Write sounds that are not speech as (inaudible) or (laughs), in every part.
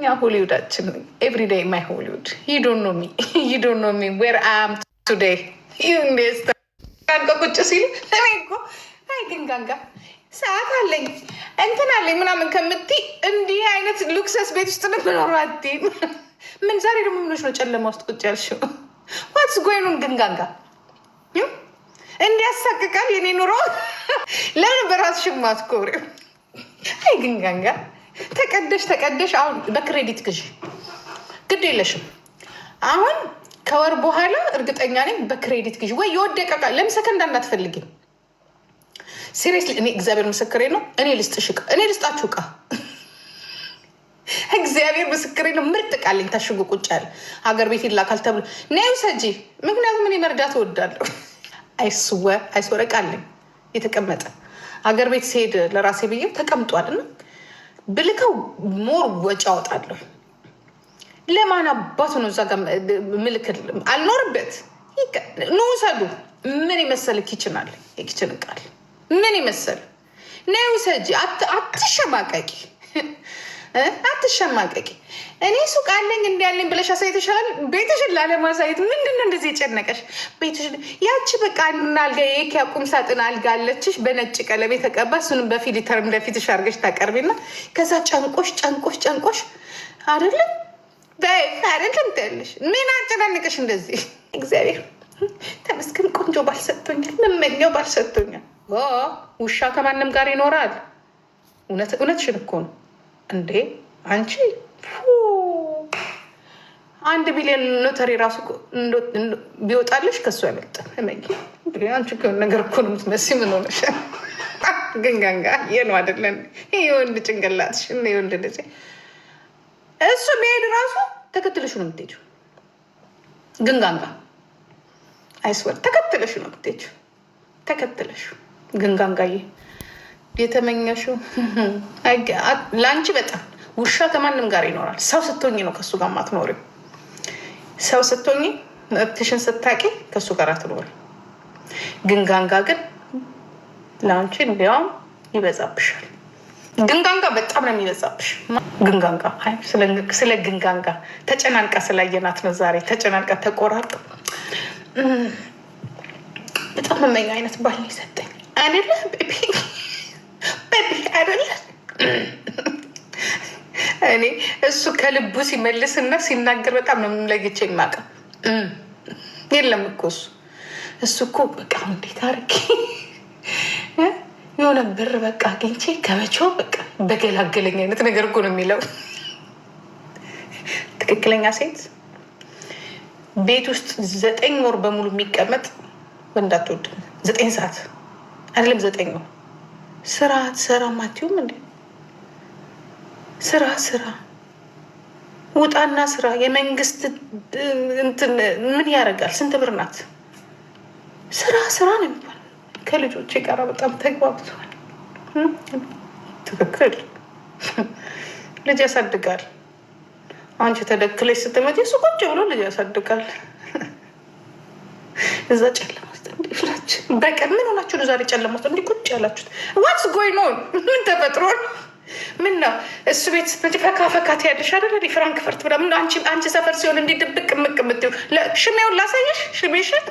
እኛ ሆሊውዳችን ኤቭሪዴይ ማይ ሆሊውድ ኖ ሚ ዌር አም ቱዴይ ቁጭ ሲሉ እኔ እኮ አይ ግን ጋንጋ ሰዓት አለኝ እንትን አለኝ ምናምን ከምትይ እንዲህ አይነት ሉክሰስ ቤት ውስጥ ምኖሩ አትይም። (laughs) ምን ዛሬ ደግሞ ምኖች ነው ጨለማ ውስጥ ቁጭ ያልሽው? ዋትስ (laughs) ጎይኑን ግን ጋንጋ እንዲያሳቅቃል የኔ ኑሮ። (laughs) ለምን በራስሽ ማትኮሪው? አይ ግን ጋንጋ ተቀደሽ ተቀደሽ። አሁን በክሬዲት ግዢ ግድ የለሽም። አሁን ከወር በኋላ እርግጠኛ ነኝ በክሬዲት ግዢ ወይ የወደቀ ዕቃ ለምሰከንድ እንዳትፈልጊም ሲሪየስሊ እኔ እግዚአብሔር ምስክሬ ነው። እኔ ልስጥሽ ዕቃ እኔ ልስጣችሁ ዕቃ እግዚአብሔር ምስክሬ ነው። ምርጥ ዕቃ አለኝ ታሽጎ ቁጭ ያለ ሀገር ቤት ይላካል ተብሎ ነዩ ውሰጂ። ምክንያቱም እኔ መርዳት እወዳለሁ። አይስወ አይስወረቃለኝ የተቀመጠ ሀገር ቤት ሲሄድ ለራሴ ብዬ ተቀምጧል እና ብልከው ሞር ወጪ አወጣለሁ። ለማን አባቱ ነው እዛ ጋ አልኖርበት ንውሰዱ። ምን የመሰለ ኪችናል የኪችን ቃል ምን ይመሰል ነይ ውሰጂ፣ አትሸማቀቂ። አትሸማቀቂ። እኔ ሱቅ አለኝ እንዲ ያለኝ ብለሽ አሳይተሻል። ቤትሽን ላለማሳየት ምንድን ነው እንደዚህ የጨነቀሽ? ቤትሽን ያቺ በቃ አንዱና አልጋ የኪያ ቁም ሳጥን አልጋ አለችሽ፣ በነጭ ቀለም የተቀባ እሱንም በፊሊተርም ለፊትሽ አድርገሽ ታቀርቢና ከዛ ጨንቆሽ ጨንቆሽ ጨንቆሽ አይደለም አይደለም ትያለሽ። ምን አጨናንቀሽ እንደዚህ? እግዚአብሔር ተመስገን ቆንጆ ባልሰጥቶኛል፣ መመኛው ባልሰጥቶኛል። ውሻ ከማንም ጋር ይኖራል። እውነትሽን እኮ ነው። እንዴ አንቺ አንድ ቢሊዮን ሎተሪ ራሱ ቢወጣለሽ ከሱ አይበልጥም። እመጊ አንቺ ነገር እኮ ነው የምትመስይ። ምን ሆነሻል? (laughs) ግንጋንጋ የነው አይደለን? ወንድ ጭንቅላትሽ ወንድ ልጅ እሱ ቢሄድ ራሱ ተከትለሽ ነው የምትሄጂው። ግንጋንጋ አይስወር ተከትለሽ ነው የምትሄጂው። ተከትለሽ ግንጋንጋዬ የተመኘሹ ለአንቺ በጣም ውሻ ከማንም ጋር ይኖራል። ሰው ስትሆኝ ነው ከሱ ጋር ማትኖሪው። ሰው ስትሆኝ መብትሽን ስታቂ ከሱ ጋር አትኖሪ። ግን ግን ለአንቺ እንዲያውም ይበዛብሻል። ግንጋንጋ በጣም ነው የሚበዛብሽ። ግንጋንጋ ስለ ግንጋንጋ ተጨናንቃ ስላየናት ነው ዛሬ ተጨናንቃ ተቆራርጥ። በጣም መመኛ አይነት ባል ይሰጠኝ አይደለ ቤቢ አይደለም። እኔ እሱ ከልቡ ሲመልስና ሲናገር በጣም ነው ለግቼ የማውቀው። የለም እኮ እሱ እሱ እኮ በቃ እንዴት አድርጌ የሆነ ብር በቃ አግኝቼ ከመቼው በቃ በገላገለኝ አይነት ነገር እኮ ነው የሚለው። ትክክለኛ ሴት ቤት ውስጥ ዘጠኝ ወር በሙሉ የሚቀመጥ ወንድ አትወድም። ዘጠኝ ሰዓት አይደለም ዘጠኝ ወር ስራ አትሰራም አትይውም እንዴ? ስራ ስራ ውጣና ስራ። የመንግስት እንትን ምን ያደርጋል? ስንት ብር ናት? ስራ ስራ ነው የሚባል። ከልጆች ጋር በጣም ተግባብተዋል። ትክክል ልጅ ያሳድጋል። አንቺ ተደክለሽ ስትመጪ እሱ ቁጭ ብሎ ልጅ ያሳድጋል። እዛ ጨለማ ብላችሁ በቃ ምን ሆናችሁ ነው ዛሬ ጨለማ እንዲ እንዲህ ቁጭ ያላችሁት? ዋትስ ጎይ ኖን ምን ተፈጥሮ ነው? ምን ነው እሱ ቤት ፈካ ፈካት ያለሽ አደለ? ፍራንክፈርት ብላ ምን አንቺ ሰፈር ሲሆን እንዲ ድብቅ ምቅ የምትይው ሽሜውን ላሳየሽ። ሽሜሽን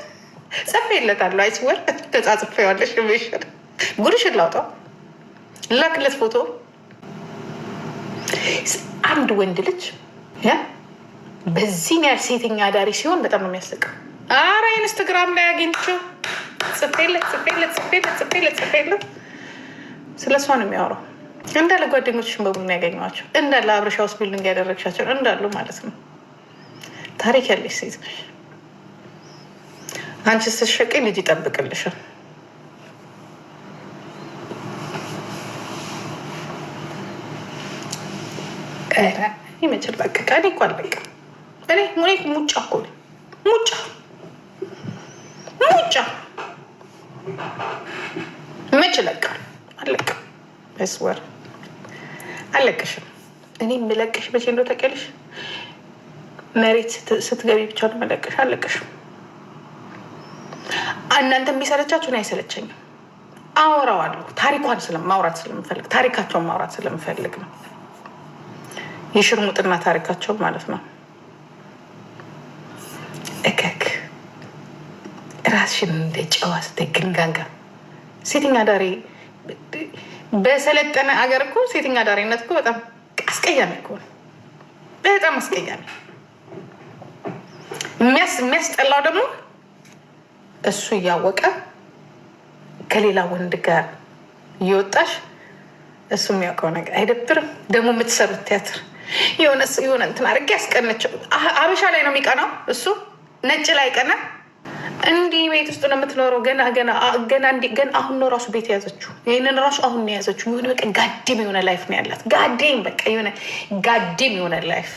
ጽፌለታለሁ። አይስወር ተጻጽፌዋለሁ። ሽሜሽን ጉድሽን ላውጣው ላክለት ፎቶ። አንድ ወንድ ልጅ በዚህን ያህል ሴተኛ አዳሪ ሲሆን በጣም ነው የሚያስቀው። አረ ኢንስታግራም ላይ አግኝቼው ጽፌለት ጽፌለት ጽፌለት ጽፌለት ጽፌለት ስለ እሷ ነው የሚያወራው። እንዳለ ጓደኞችሽን በሙሉ ያገኘኋቸው እንዳለ አብረሻ ውስጥ ቢልዲንግ ያደረግሻቸው እንዳሉ ማለት ነው። ታሪክ ያለሽ ሴት ነሽ። አንቺ ስትሸቂ ልጅ ይጠብቅልሻል። ይመችል በቃ እኔ እኮ አልበቃም። እኔ ሙኔ ሙጫ እኮ ሙጫ ውጫ መች እለቃለሁ? አለቅም። መስወር አለቅሽም። እኔ የምለቅሽ መቼ እንደው ተቀልሽ መሬት ስትገቢ ብቻ ነው መለቅሽ። አለቅሽም። እናንተ ቢሰለቻችሁ እኔ አይሰለቸኝም። አወራዋለሁ። ታሪኳን ስለማውራት ስለምፈልግ ታሪካቸውን ማውራት ስለምፈልግ ነው። የሽርሙጥና ታሪካቸው ማለት ነው። ራስሽን እንደ ጨዋ ስትገንጋጋ ሴተኛ አዳሪ በሰለጠነ አገር እኮ ሴተኛ አዳሪነት እኮ በጣም አስቀያሚ እኮ ነው። በጣም አስቀያሚ። የሚያስጠላው ደግሞ እሱ እያወቀ ከሌላ ወንድ ጋር እየወጣሽ እሱ የሚያውቀው ነገር አይደብርም። ደግሞ የምትሰሩት ቲያትር የሆነ እንትን አድርጌ ያስቀነቸው አበሻ ላይ ነው የሚቀናው። እሱ ነጭ ላይ ቀና እንዲህ ቤት ውስጥ ነው የምትኖረው። ገና ገና ገና አሁን ነው ራሱ ቤት የያዘችው። ይህንን ራሱ አሁን ነው የያዘችው። የሆነ በቃ ጋዴም የሆነ ላይፍ ነው ያላት። ጋዴም በቃ የሆነ ጋዴም የሆነ ላይፍ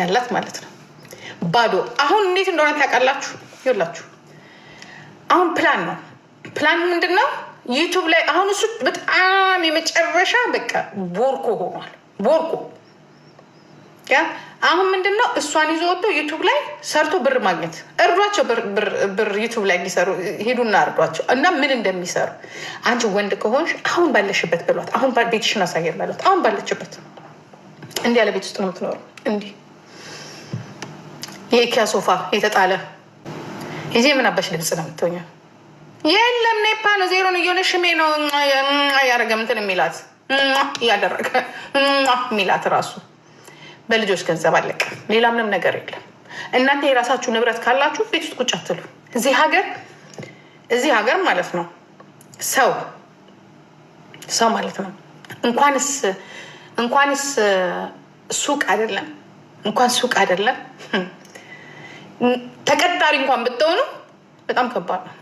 ያላት ማለት ነው። ባዶ አሁን እንዴት እንደሆነ ታውቃላችሁ። ይላችሁ አሁን ፕላን ነው። ፕላን ምንድን ነው? ዩቱብ ላይ አሁን እሱ በጣም የመጨረሻ በቃ ቦርኮ ሆኗል። ቦርኮ አሁን ምንድን ነው እሷን ይዞ ወጥቶ ዩቱብ ላይ ሰርቶ ብር ማግኘት እርዷቸው፣ ብር ዩቱብ ላይ እንዲሰሩ ሄዱና እርዷቸው እና ምን እንደሚሰሩ አንቺ ወንድ ከሆንሽ አሁን ባለሽበት ብሏት፣ አሁን ቤትሽን አሳየር በሏት። አሁን ባለችበት እንዲህ ያለ ቤት ውስጥ ነው የምትኖረው። እንዲህ የኢኪያ ሶፋ የተጣለ ይዜ ምን አባሽ ድምፅ ነው የምትሆኘው? የለም ኔፓ ነው ዜሮ ነው እየሆነ ሽሜ ነው ያደረገ ምትን የሚላት እያደረገ የሚላት ራሱ በልጆች ገንዘብ አለቀ። ሌላ ምንም ነገር የለም። እናንተ የራሳችሁ ንብረት ካላችሁ ቤት ውስጥ ቁጭ አትሉ። እዚህ ሀገር እዚህ ሀገር ማለት ነው ሰው ሰው ማለት ነው እንኳንስ እንኳንስ ሱቅ አይደለም እንኳን ሱቅ አይደለም ተቀጣሪ እንኳን ብትሆኑ በጣም ከባድ ነው።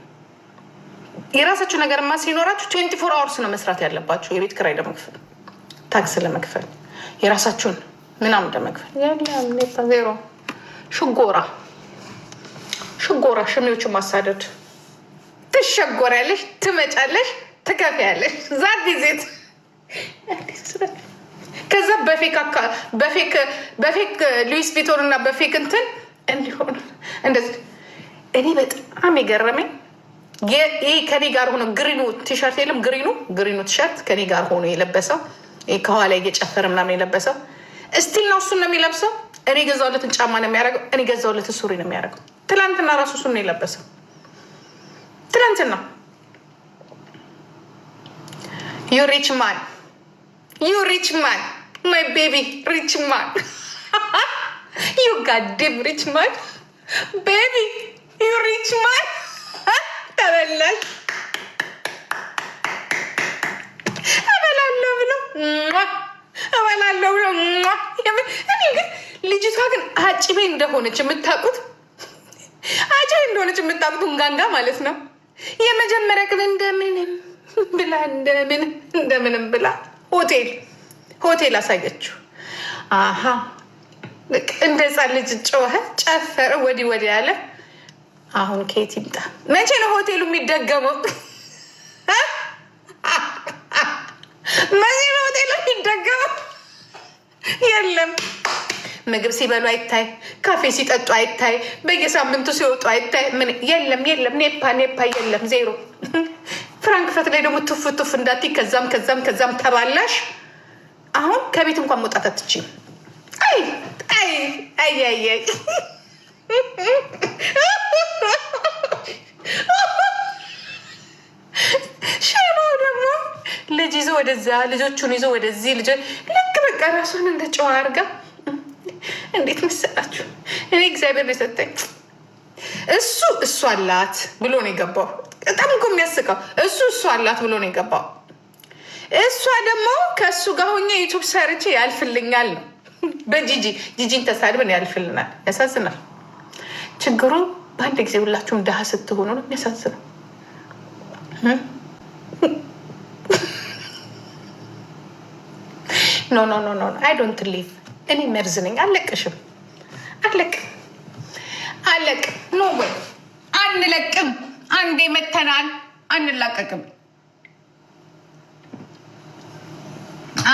የራሳችሁ ነገርማ ሲኖራችሁ ትዌንቲ ፎር አወርስ ነው መስራት ያለባችሁ። የቤት ክራይ ለመክፈል ታክስ ለመክፈል የራሳችሁን ምናምን ደመክፈል ዜሮ ሽጎራ ሽጎራ ሽሚዎችን ማሳደድ ትሸጎሪያለሽ፣ ትመጫለሽ፣ ትከፍያለሽ። ዛ ጊዜት ከዛ በፌክ ሉዊስ ቪቶን እና በፌክ እንትን እንዲሆን እንደዚህ እኔ በጣም የገረመኝ ይህ ከኔ ጋር ሆኖ ግሪኑ ቲሸርት የለም ግሪኑ ግሪኑ ቲሸርት ከኔ ጋር ሆኖ የለበሰው ከኋላ እየጨፈረ ምናምን የለበሰው እስቲል ነው እሱን ነው የሚለብሰው። እኔ ገዛውለትን ጫማ ነው የሚያደርገው። እኔ ገዛውለትን ሱሪ ነው የሚያደርገው። ትላንትና ራሱ እሱን ነው የለበሰው። ትላንትና ዩ ሪች ማን ዩ ሪች ማን ማይ ቤቢ ሪች ማን (laughs) ዩ ጋዴም ሪች ማን ቤቢ ዩ ሪች ማን ተበላል እበላለሁ ብለው እበላለሁ ብሎ እኔ ግን ልጅቷ ግን አጭቤ እንደሆነች የምታውቁት አጭቤ እንደሆነች የምታውቁት እንጋንጋ ማለት ነው። የመጀመሪያ ግን እንደምንም ብላ እንደምንም እንደምንም ብላ ሆቴል ሆቴል አሳየችው። አሀ እንደ ህፃን ልጅ ጮኸ፣ ጨፈረ፣ ወዲህ ወዲህ አለ። አሁን ከየት ይምጣ? መቼ ነው ሆቴሉ የሚደገመው? የለም ምግብ ሲበሉ አይታይ፣ ካፌ ሲጠጡ አይታይ፣ በየሳምንቱ ሲወጡ አይታይ። ምን የለም የለም፣ ኔፓ ኔፓ የለም፣ ዜሮ። ፍራንክፈርት ላይ ደግሞ ቱፍ ቱፍ እንዳት ከዛም ከዛም ከዛም ተባላሽ። አሁን ከቤት እንኳን መውጣት አትችይም። አይ አይ አይ አይ ሸማው ደግሞ ልጅ ይዞ ወደዛ ልጆቹን ይዞ ወደዚህ ልጅ በቃ ራሷን እንደ ጨዋ አድርጋ እንዴት መሰላችሁ? እኔ እግዚአብሔር የሰጠኝ እሱ እሱ አላት ብሎ ነው የገባው። በጣም እኮ የሚያስቀው እሱ እሱ አላት ብሎ ነው የገባው። እሷ ደግሞ ከእሱ ጋር ሆኜ ዩቱብ ሰርቼ ያልፍልኛል ነው በጂጂ ጂጂን ተሳድበን ያልፍልናል። ያሳዝናል። ችግሩ በአንድ ጊዜ ሁላችሁም ድሃ ስትሆኑ ነው የሚያሳዝነው። ኖ ኖ ኖ ኖ አይ ዶንት ሊቭ እኔ መርዝ ነኝ። አለቅሽም አለቅ አለቅ ኖ ወይ አንለቅም። አንዴ መተናል አንላቀቅም።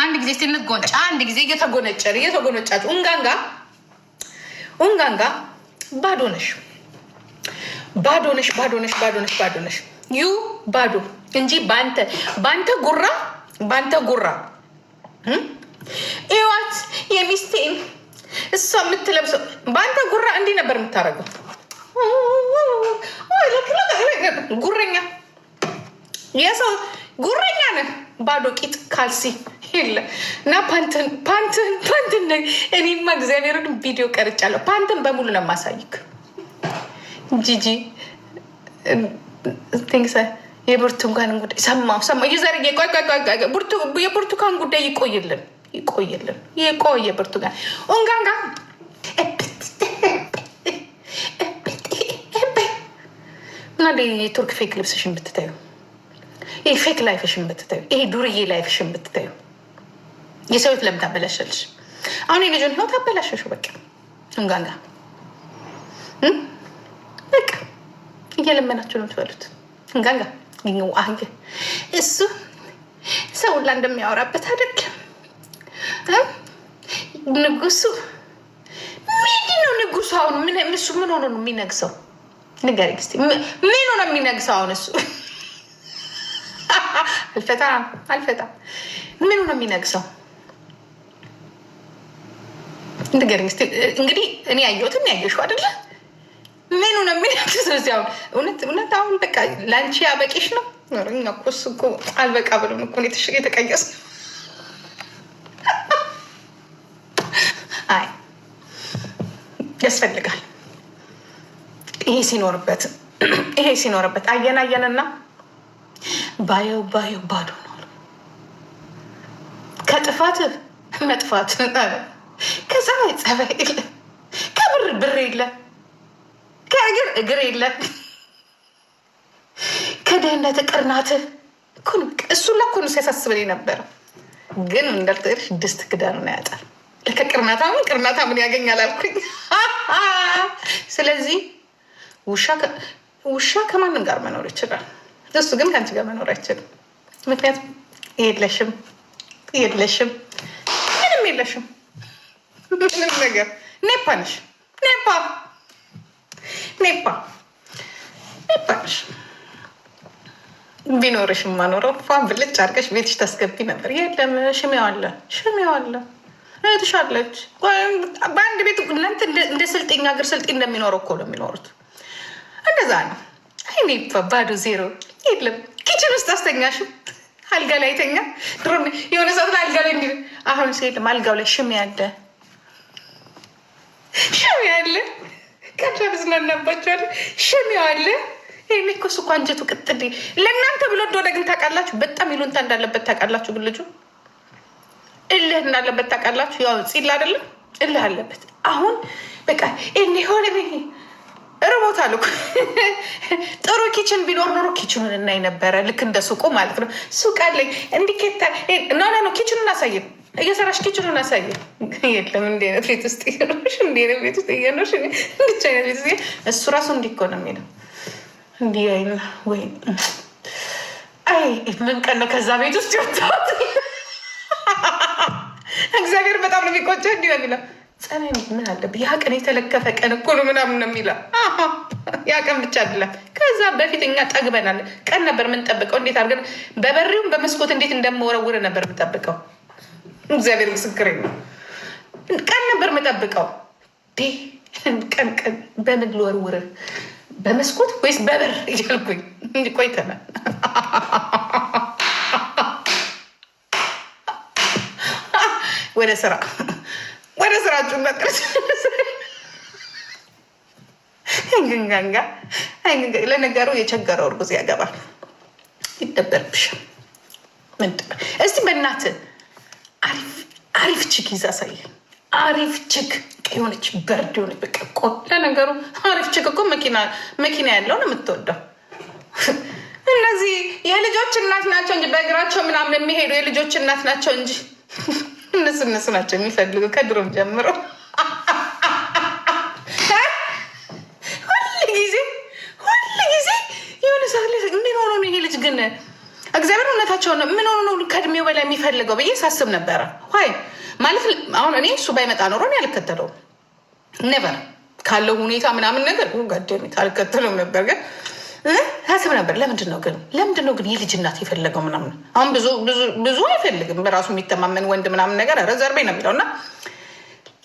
አንድ ጊዜ ስንጎንጫ አንድ ጊዜ እየተጎነጨር እየተጎነጫች ኡንጋንጋ ኡንጋንጋ ባዶ ነሽ ባዶ ነሽ ባዶ ነሽ ባዶ ነሽ ባዶ ነሽ ዩ ባዶ እንጂ ባንተ ባንተ ጉራ ባንተ ጉራ ይዋት የሚስቴን እሷ የምትለብሰው በአንተ ጉራ እንዲህ ነበር የምታደርገው። ጉረኛ የሰው ጉረኛ ነህ። ባዶ ቂጥ ካልሲ የለ እና ፓንትን ፓንትን ፓንትን እኔማ እግዚአብሔርን ቪዲዮ ቀርጫለሁ። ፓንትን በሙሉ ነው የማሳይክ። ጂጂ ቴንክስ የብርቱካን ጉዳይ ሰማሁ ሰማሁ። የዛሬ የብርቱካን ጉዳይ ይቆይልን። ይቆይልን፣ ይቆየ ብርቱካን ኡንጋንጋ እና የቱርክ ፌክ ልብስሽን ብትታዩ፣ ይሄ ፌክ ላይፍሽን ብትታዩ፣ ይሄ ዱርዬ ላይፍሽን ብትታዩ፣ የሰው ለምን ታበላሻለሽ? አሁን የልጁን ህይወት አበላሸሹ። በቃ ኡንጋንጋ በቃ እየለመናችሁ ነው የምትበሉት። እንጋንጋ እሱ ሰው ሁላ እንደሚያወራበት አይደለም። ንጉሱ ምንድ ነው ንጉሱ? አሁን እሱ ምን ሆኖ ነው የሚነግሰው? ንገሪኝ እስኪ ምን ሆነ የሚነግሰው? አሁን እሱ አልፈታ (laughs) አልፈታ ምን ሆነ የሚነግሰው? ንገሪኝ እስኪ እንግዲህ እኔ ያየሁትን ያየሽው አይደለ? ምን ሆነ የሚነግሰው? እዚህ እውነት እውነት አሁን በቃ ለአንቺ ያበቂሽ ነው። እኛ እኮ እሱ እኮ አልበቃ ብሎ ነው የተቀየስ ነው አይ ያስፈልጋል። ይሄ ሲኖርበት ይሄ ሲኖርበት አየን አየንና ባየው ባየው ባዶ ነው። ከጥፋት መጥፋት ከፀባይ ፀባይ የለ ከብር ብር የለ ከእግር እግር የለ ከድህነት ቅርናት እሱ ለኩን ሲያሳስበን ነበረ ግን እንዳልተሽ ድስት ክዳኑን ያጣል። ለከቅርናታ ምን ቅርናታ ምን ያገኛል አልኩኝ። (laughs) ስለዚህ ውሻ ከማንም ጋር መኖር ይችላል። እሱ ግን ከአንቺ ጋር መኖር አይችልም። ምክንያቱም የለሽም የለሽም ምንም የለሽም (laughs) ምንም ነገር ኔፓ ነሽ ኔፓ ኔፓ ኔፓ ነሽ። ቢኖርሽ ማኖረው ፋን ብልጭ አድርገሽ ቤትሽ ታስገቢ ነበር። የለም ሽሜዋለ ሽሜዋለ ትሻለች። በአንድ ቤት እናንተ እንደ ስልጤኛ ሀገር ስልጤ እንደሚኖረው እኮ ነው የሚኖሩት። እንደዛ ነው። አይኔ ባዶ ዜሮ የለም። ኪችን ውስጥ አስተኛሽ አልጋ ላይ ተኛ። ድሮ የሆነ ሰት አልጋ ላይ እንዲ አሁን የለም። አልጋው ላይ ሽም ያለ ሽም ያለ ቀሻ ብዝናናባቸዋል። ሽሜ አለ። ይሄኔ እኮ እሱ እኮ አንጀቱ ቅጥል ለእናንተ ብሎ እንደሆነ ግን ታውቃላችሁ። በጣም ይሉንታ እንዳለበት ታውቃላችሁ። ግን ልጁ እልህ እንዳለበት ታውቃላችሁ። ያው ፂላ አይደለም እልህ አለበት። አሁን በቃ ሆነ ርቦት አልኩ። ጥሩ ኪችን ቢኖር ኖሮ ኪችኑን እናይ ነበረ። ልክ እንደ ሱቁ ማለት ነው። ሱቅ አለኝ እንዲኬታ ኖ ነው። ኪችኑን አሳየን እየሰራሽ ኪችኑን አሳየን። የለም እንዲ አይነት ቤት ውስጥ እየኖርሽ እንዲ አይነት ቤት ውስጥ እየኖርሽ እንዲህ አይነት ቤት ውስጥ እሱ ራሱ እንዲኮ ነው የሚለው እንዲ እንዲህ ወይ አይ ምን ቀን ነው ከዛ ቤት ውስጥ ይወጣት እግዚአብሔር በጣም ነው የሚቆጨ እንዲ ሚላ ጸናይ ምን አለብህ ያ ቀን የተለከፈ ቀን እኮ ነው ምናምን ነው የሚላ ያ ቀን ብቻ አይደለም። ከዛ በፊት እኛ ጠግበናል። ቀን ነበር የምንጠብቀው። እንዴት አድርገን በበሪውም በመስኮት እንዴት እንደመወረውር ነበር የምጠብቀው። እግዚአብሔር ምስክሬ ነው። ቀን ነበር የምጠብቀው። ቀን ቀን በምን ልወርውር በመስኮት ወይስ በበር እያልኩኝ እንዲቆይተናል። (laughs) ወደ ስራ ወደ ስራ መቅረት ለነገሩ የቸገረው እርጉዝ ያገባል። ይደበርብሻል። እስቲ በእናት አሪፍ ችግ ይዛ ሳየን። አሪፍ ችግ የሆነች በርድ የሆነች በቀቆ ለነገሩ አሪፍ ችግ እኮ መኪና ያለው ነው የምትወደው። እነዚህ የልጆች እናት ናቸው እንጂ በእግራቸው ምናምን የሚሄዱ የልጆች እናት ናቸው እንጂ እነሱ እነሱ ናቸው የሚፈልጉ ከድሮም ጀምሮ ይሄ ልጅ ግን እግዚአብሔር ነው። ምን ሆኖ ነው ከእድሜው በላይ የሚፈልገው ብዬ ሳስብ ነበረ። ይ ማለት አሁን እኔ እሱ ባይመጣ ኖሮ እኔ አልከተለውም ነበር ካለው ሁኔታ ምናምን ነገር ገደሚት አልከተለውም ነበር ግን ታስብ ነበር። ለምንድን ነው ግን ለምንድን ነው ግን የልጅ እናት የፈለገው ምናምን? አሁን ብዙ አይፈልግም በራሱ የሚተማመን ወንድ ምናምን ነገር ረዘርቤ ነው የሚለው እና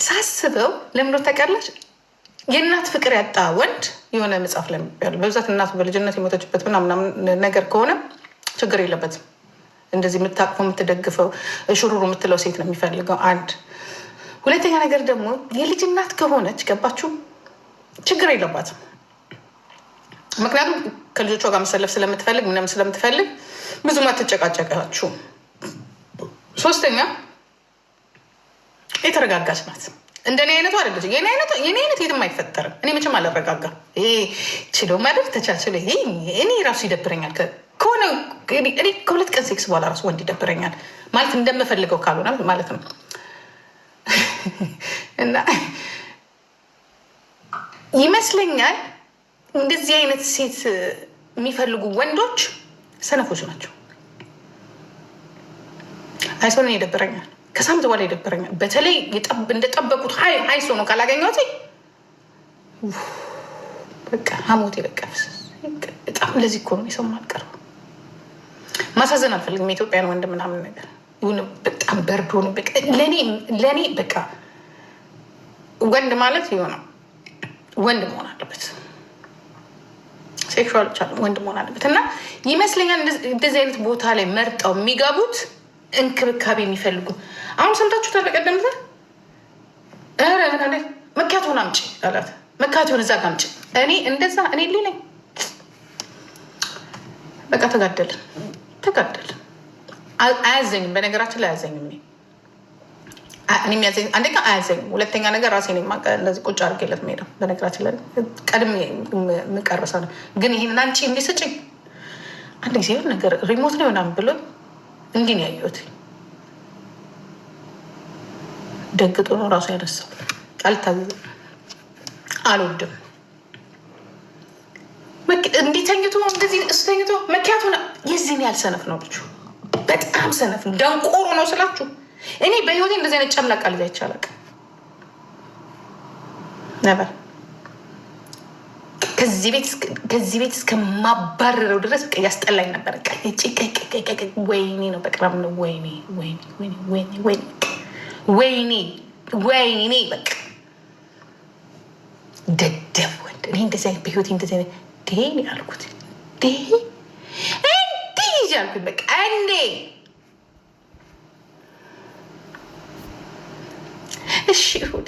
ሳስበው ለምንድን ታውቂያለሽ የእናት ፍቅር ያጣ ወንድ የሆነ መጽሐፍ ላይ በብዛት እናቱ በልጅነት የሞተችበት ምናምን ነገር ከሆነ ችግር የለበትም። እንደዚህ የምታቅፈው የምትደግፈው ሽሩሩ የምትለው ሴት ነው የሚፈልገው። አንድ ሁለተኛ ነገር ደግሞ የልጅ እናት ከሆነች ገባችሁ ችግር የለባትም። ምክንያቱም ከልጆቿ ጋር መሰለፍ ስለምትፈልግ ምንም ስለምትፈልግ ብዙም አትጨቃጨቃችሁም። ሶስተኛ የተረጋጋች ናት። እንደኔ አይነቱ አደለች። የኔ አይነት የትም አይፈጠርም። እኔ መቼም አልረጋጋም። ይሄ ችሎ ማድረግ ተቻችሎ እኔ ራሱ ይደብረኛል። ከሆነ እኔ ከሁለት ቀን ሴክስ በኋላ ራሱ ወንድ ይደብረኛል ማለት እንደምፈልገው ካልሆነ ማለት ነው (laughs) እና ይመስለኛል እንደዚህ አይነት ሴት የሚፈልጉ ወንዶች ሰነፎች ናቸው። አይሶን ይደብረኛል፣ ከሳምንት በኋላ ይደብረኛል። በተለይ እንደጠበቁት አይሶ ነው ካላገኘት በቃ ሀሞቴ በቃ በጣም ለዚህ እኮ ነው የሰው ማቀር ማሳዘን አልፈልግም። የኢትዮጵያን ወንድ ምናምን ነገር ይሁን በጣም በርዶ ለእኔ በቃ ወንድ ማለት የሆነ ወንድ መሆን አለበት። ሴክሹዋል ብቻ ወንድ መሆን አለበት እና ይመስለኛል እንደዚህ አይነት ቦታ ላይ መርጠው የሚገቡት እንክብካቤ የሚፈልጉ አሁን ሰምታችሁ ሰምታችሁታል። በቀደምታ መኪያቶን አምጪ አላት። መኪያቶን እዛ ጋ አምጪ። እኔ እንደዛ እኔ ሊ ነኝ። በቃ ተጋደልን ተጋደልን። አያዘኝም፣ በነገራችን ላይ አያዘኝም። አንደኛ አያዘኝም፣ ሁለተኛ ነገር ራሴ እንደዚህ ቁጭ አድርጌለት የምሄደው በነገራችን ላይ ቀድሜ የምቀርሰው ነው። ግን ይህንን አንቺ እንዲህ አንድ ጊዜ ሆን ነገር ሪሞት ነው ይሆናል ብሎ እንዲህ ነው ያየሁት። ደግጦ ነው ራሱ ያነሳው። አልታዘዝም፣ አልወድም። እንዲተኝቶ እንደዚህ እሱ ተኝቶ መኪያቱ የዚህን ያህል ሰነፍ ነው ልጁ፣ በጣም ሰነፍ ደንቆሮ ነው ስላችሁ እኔ በህይወቴ እንደዚህ አይነት ጨምላቃ ልጅ አይቼ አላውቅም ነበር። ከዚህ ቤት እስከማባረረው ድረስ በቃ ያስጠላኝ ነበር። ወይኔ ነው በቅራም ነው ወይኔ ወይኔ ወይኔ ወይኔ በቃ ደደብ ወንድ። እኔ እንደዚህ አይነት በህይወቴ እንደዚህ አይነት ዴ ያልኩት ዴ እንዲህ ይዤ አልኩኝ በቃ እንዴ እሺ ይሁን።